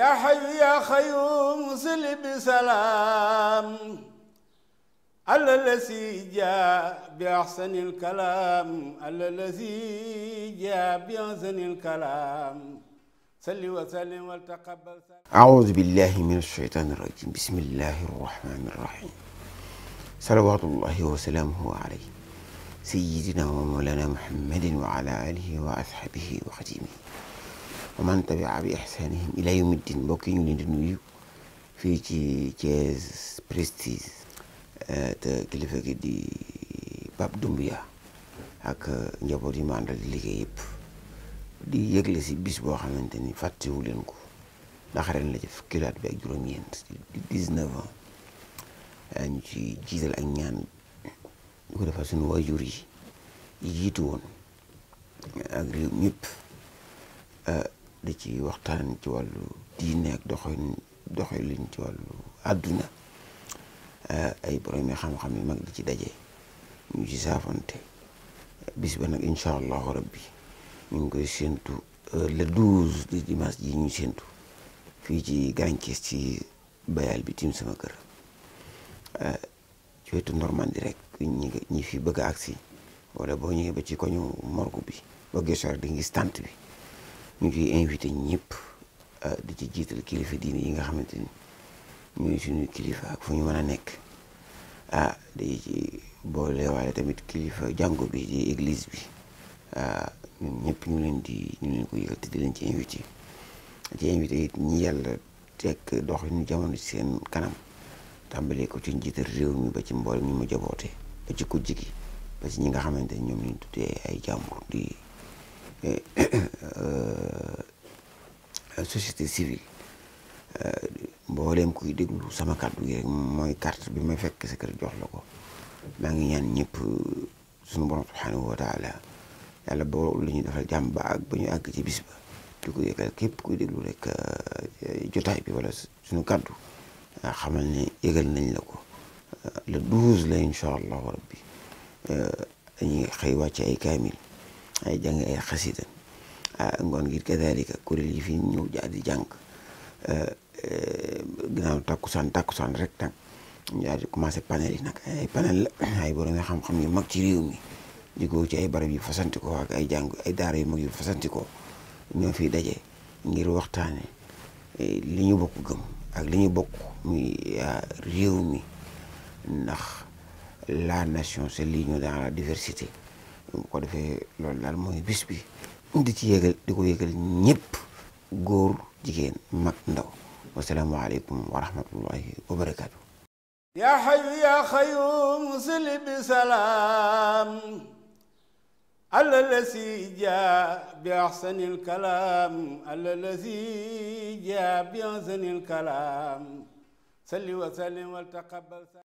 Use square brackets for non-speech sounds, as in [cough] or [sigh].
يا حي يا خيوم صل بسلام على الذي جاء بأحسن الكلام على الذي جاء بأحسن الكلام صل وسلم وتقبل أعوذ بالله من الشيطان الرجيم بسم الله الرحمن الرحيم صلوات الله وسلامه عليه سيدنا ومولانا محمد وعلى آله وأصحابه وخديمه wa man tabia bi ihsanihim ila yawmi ddin mbokk yi ñu leen di nuyu fii ci Thiès Prestige te kilifa gi di Pape Doumbia ak njaboot yi ma àndal di liggéey yëpp di yëgle si bis boo xamante ni fàttewu leen ko ndax la ci fukki at bi ak juróom-ñeent di 19 ans ñu ci jiital ak ñaan di ko defal suñu waajur yi yi jiitu woon ak réew ñëpp di ci waxtaan ci wàllu diine ak doxalin doxalin ci wàllu àdduna eh, ay borom yi xam-xam yu mag di ci daje ñu ci saafante bis ba nag incha allahu rabbi ñu ngi koy séntu eh, le douze di dimanche ji ñu séntu fii ci gàncax ci bayal bi tim sama kër eh, ci wetu Normandie rek ñi fi bëgg a agsi wala boo ñëwee ba ci koñu morgue bi ba gisoo di gis tànt bi ñu ngi invité ñëpp euh, di ci jiital kilifa diine yi nga xamante ni ñuy suñu kilifa fu ñu mën a nekk ah di ci boolewaale tamit kilifa jàngu bi di bi ah, ñun ñëpp ñu leen di ñu leen ko yëgal di leen ci invité ci invité it ñi yàlla teg doxalinu jamono ci seen kanam tàmbalee ko ci njiital réew ba ci mboolem ñu ma jaboote ci kujj gi ba ci ñi nga xamante ni ñoom lañ tuddee ay jàmbur [coughs] Euh, société civile euh, mbooleem kuy déglu sama kàddu gi mooy carte bi may fekk sa kër jox la ko maa ngi ñaan ñëpp sunu borom subhanahu wa yàlla boo lu ñu defal jàmm ba ak ba ñu àgg ci bis ba di ko yëgal képp kuy déglu rek euh, jotaay bi wala suñu kàddu xamal ne yëgal nañ la ko le douze la incha allahu rabbi dañuy xëy wàcce ay kaamil ay jàng ay xasida ah, ngoon ngir kadalika kuréel yi fi ñëw ja di jàng eh, eh, ginnaaw takkusaan takkusaan rek nag ñu daal di commencé panel yi nag ay panel la [coughs] ay borom xam-xam yu mag ci réew mi jugoo ci ay barab yu fasanti ak ay jàng ay daara yu mag yu fasanti ñoo fi daje ngir waxtaane eh, li ñu bokk gëm ak li ñu bokk muy ah, réew mi ndax la nation lii l'union dans la diversité وكده في لول المهم بس بي عند تيجي دكوا يجي نيب غور جين ما نداو والسلام عليكم ورحمة الله وبركاته يا حي يا خيوم صل بسلام على الذي جاء بأحسن الكلام على الذي جاء بأحسن الكلام صلي وسلم وتقبل